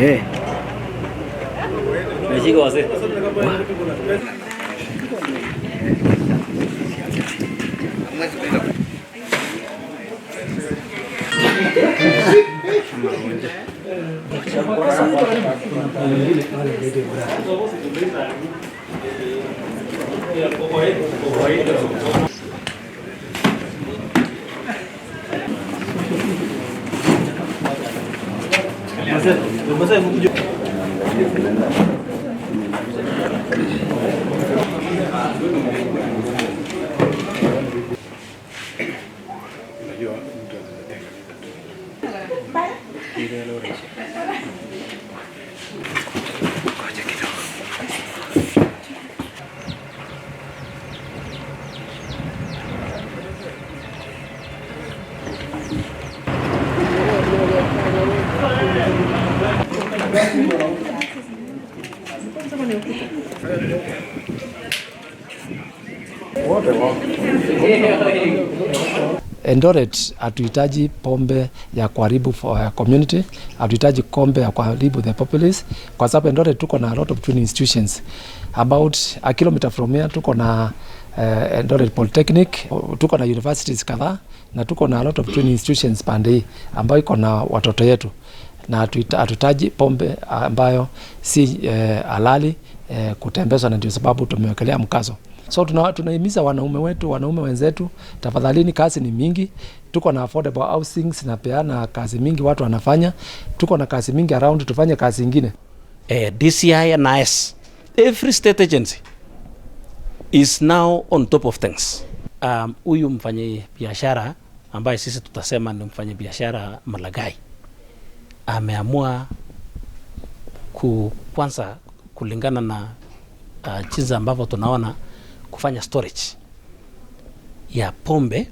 Eh. México va a ser. Gracias. Yo nunca tengo que Eldoret eh, hatuhitaji pombe ya kuharibu community, hatuhitaji kombe ya kuharibu the populace, kwa sababu Eldoret tuko na a lot of twin institutions about a kilometer from here tuko na uh, eh, Eldoret Polytechnic, tuko na universities kadhaa na tuko na a lot of twin institutions pande hii ambayo iko na watoto yetu na hatutaji pombe ambayo si eh, halali eh, kutembezwa, na ndio sababu tumewekelea mkazo. So tunahimiza wanaume wetu, wanaume wenzetu, tafadhalini, kazi ni mingi, tuko na affordable housing, sinapeana kazi mingi, watu wanafanya, tuko na kazi mingi around, tufanye kazi ingine. Eh, DCI and IS, every state agency is now on top of things. Um, huyu um, mfanye biashara ambaye sisi tutasema ni mfanye biashara Malagai ameamua ku, kwanza kulingana na uh, jinsi ambavyo tunaona kufanya storage ya pombe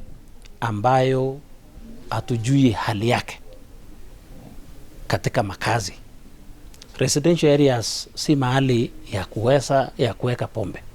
ambayo hatujui hali yake katika makazi. Residential areas si mahali ya kuweza ya kuweka pombe.